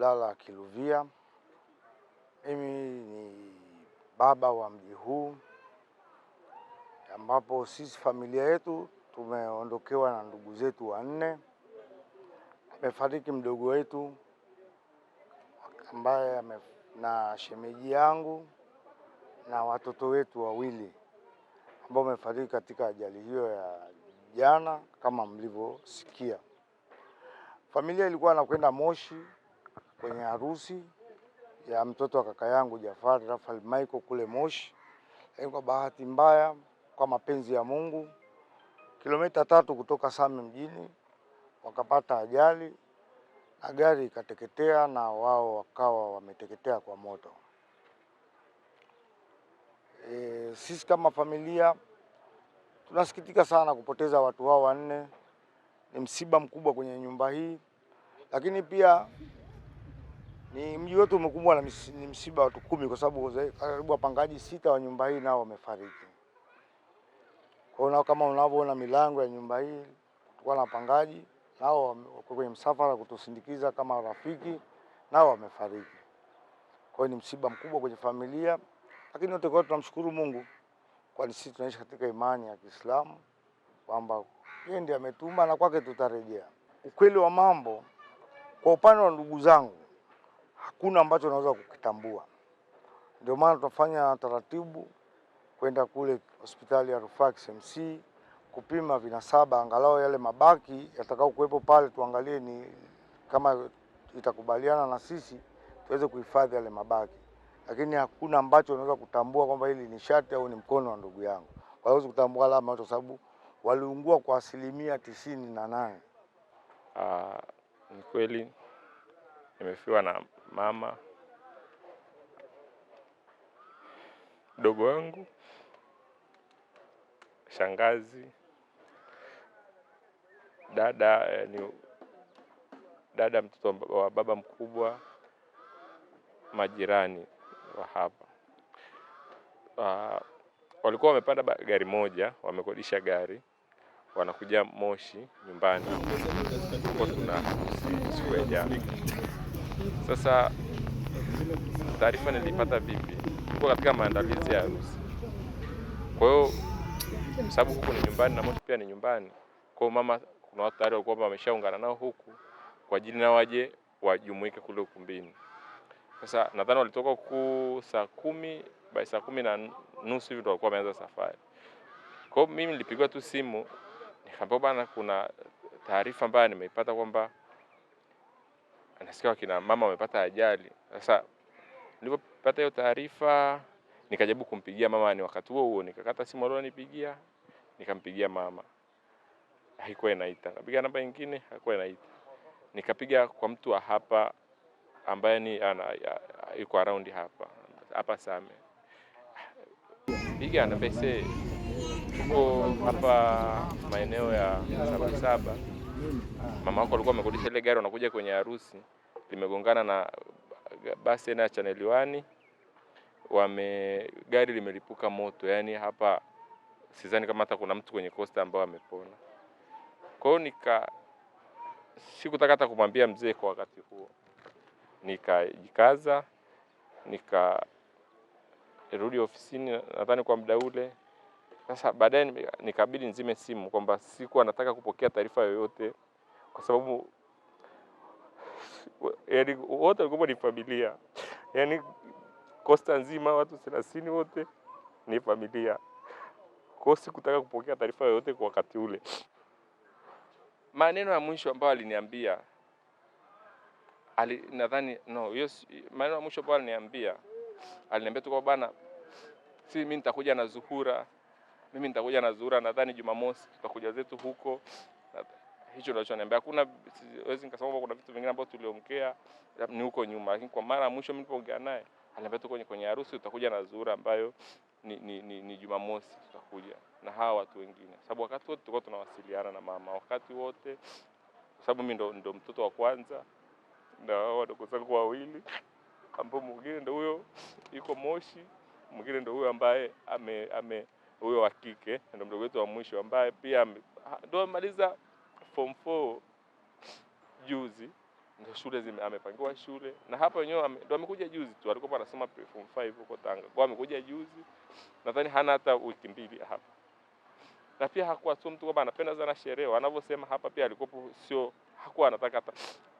Abdalla Kiluvia. Mimi ni baba wa mji huu ambapo sisi familia yetu tumeondokewa na ndugu zetu wanne. Amefariki mdogo wetu ambaye na shemeji yangu na watoto wetu wawili ambao wamefariki katika ajali hiyo ya jana kama mlivyosikia. Familia ilikuwa anakwenda Moshi kwenye harusi ya mtoto wa kaka yangu Jafari Rafael Michael kule Moshi, lakini kwa bahati mbaya, kwa mapenzi ya Mungu, kilomita tatu kutoka Same mjini wakapata ajali na gari ikateketea na wao wakawa wameteketea kwa moto. E, sisi kama familia tunasikitika sana kupoteza watu hao wanne. Ni msiba mkubwa kwenye nyumba hii, lakini pia ni mji wetu umekumbwa na ni msiba watu kumi, kwa sababu karibu wapangaji sita wa nyumba hii nao wamefariki. Kwa hiyo kama unavyoona milango ya nyumba hii, tulikuwa na wapangaji nao kwenye msafara kutusindikiza kama rafiki, nao wamefariki. Kwa hiyo ni msiba mkubwa kwenye familia, lakini wote kwa tunamshukuru Mungu, kwa sisi tunaishi katika imani ya Kiislamu kwamba yeye ndiye ametuma na kwake tutarejea. Ukweli wa mambo, kwa upande wa ndugu zangu hakuna ambacho unaweza kukitambua. Ndio maana tunafanya taratibu kwenda kule hospitali ya rufaa KCMC kupima vinasaba, angalau yale mabaki yatakao kuwepo pale, tuangalie ni kama itakubaliana na sisi tuweze kuhifadhi yale mabaki, lakini hakuna ambacho unaweza kutambua kwamba hili ni shati au ni mkono wa ndugu yangu. Kwa kutambua alama, kwa sababu waliungua kwa asilimia tisini na nane. Ah, ni kweli nimefiwa na mama mdogo wangu, shangazi, dada eh, ni dada mtoto wa baba mkubwa, majirani wa hapa uh, walikuwa wamepanda gari moja, wamekodisha gari, wanakuja Moshi nyumbani, huko tuna siku sasa taarifa nilipata vipi? Tuko katika maandalizi ya harusi, kwa hiyo sababu huku ni nyumbani na moto pia ni nyumbani, kwa hiyo mama, kuna watu tayari walikuwa wameshaungana nao huku kwa ajili nao waje wajumuike kule ukumbini. Sasa nadhani walitoka huku saa kumi bai saa kumi na nusu hivi ndo walikuwa wameanza safari. Kwa hiyo mimi nilipigwa tu simu nikaambiwa, bana, kuna taarifa ambayo nimeipata kwamba nasikia kina mama wamepata ajali. Sasa nilipopata hiyo taarifa, nikajaribu kumpigia mama, ni wakati huo huo nikakata simu alionipigia, nikampigia mama, haikuwa inaita. nikapiga namba nyingine, haikuwa inaita. Nikapiga kwa mtu wa hapa ambaye ni ana yuko around hapa hapa Same, piga namba ise tuko hapa maeneo ya Sabasaba, mama wako alikuwa amekodisha ile gari, wanakuja kwenye harusi limegongana na basi aina ya Channel 1 wame gari limelipuka moto. Yani hapa sidhani kama hata kuna mtu kwenye Costa ambao amepona. Kwa hiyo nika sikutaka hata kumwambia mzee kwa wakati huo, nikajikaza nikarudi ofisini, nadhani kwa muda ule. Sasa baadaye nikabidi nzime simu, kwamba sikuwa nataka kupokea taarifa yoyote kwa sababu yani wote walikuwa ni familia, yani kosta nzima watu thelathini wote ni familia. Kwa sikutaka kupokea taarifa yoyote kwa wakati ule. Maneno ya mwisho ambayo aliniambia ali, nadhani no, yes, maneno ya mwisho ambayo aliniambia aliniambia tu kwa bana, si mimi nitakuja na Zuhura, mimi nitakuja na Zuhura, nadhani Jumamosi tutakuja zetu huko hicho unachoniambia. Hakuna siwezi nikasema kuna vitu vingine ambavyo tuliongea ni huko nyuma, lakini kwa mara ya mwisho mimi nilipoongea naye aliniambia tu kwenye, kwenye harusi utakuja na zura ambayo ni, ni, ni, ni Jumamosi tutakuja na hawa watu wengine, sababu wakati wote tulikuwa tunawasiliana na mama wakati wote, sababu mimi ndo, ndo mtoto wa kwanza na wadogo zangu wawili ambao mwingine ndo huyo yuko Moshi, mwingine ndo huyo ambaye ame, ame huyo wa kike ndo mdogo wetu wa mwisho ambaye pia ndo amemaliza form 4 juzi ndio shule zime, amepangiwa shule na hapa wenyewe ndio amekuja juzi tu, alikuwa anasoma form 5 huko Tanga, kwa amekuja juzi, nadhani hana hata wiki mbili hapa. Na pia hakuwa tu mtu kwamba anapenda sana sherehe, anavyosema hapa pia alikuwa sio, hakuwa anataka hata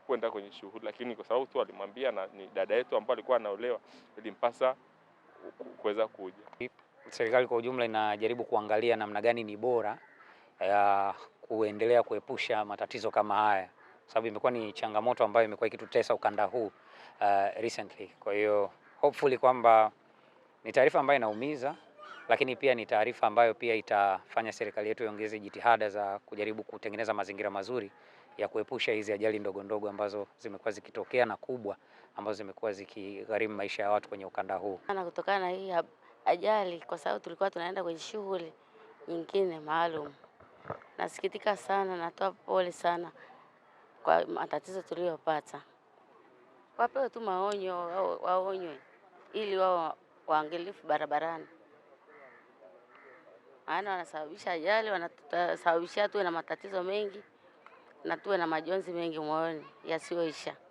kwenda kwenye shughuli, lakini kwa sababu tu alimwambia na ni dada yetu ambaye alikuwa anaolewa, ilimpasa kuweza kuja. Serikali kwa ujumla inajaribu kuangalia namna gani ni bora ya kuendelea kuepusha matatizo kama haya, sababu imekuwa ni changamoto ambayo imekuwa ikitutesa ukanda huu uh, recently. Kwa hiyo hopefully kwamba ni taarifa ambayo inaumiza, lakini pia ni taarifa ambayo pia itafanya serikali yetu iongeze jitihada za kujaribu kutengeneza mazingira mazuri ya kuepusha hizi ajali ndogo ndogo ambazo zimekuwa zikitokea na kubwa ambazo zimekuwa zikigharimu maisha ya watu kwenye ukanda huu. Na kutokana na hii ajali, kwa sababu tulikuwa tunaenda kwenye shughuli nyingine maalum Nasikitika sana, natoa pole sana kwa matatizo tuliyopata. Wapewe tu maonyo, waonywe ili wao waangalifu barabarani, maana wanasababisha ajali, wanatusababishia tuwe na matatizo mengi na tuwe na majonzi mengi moyoni yasiyoisha.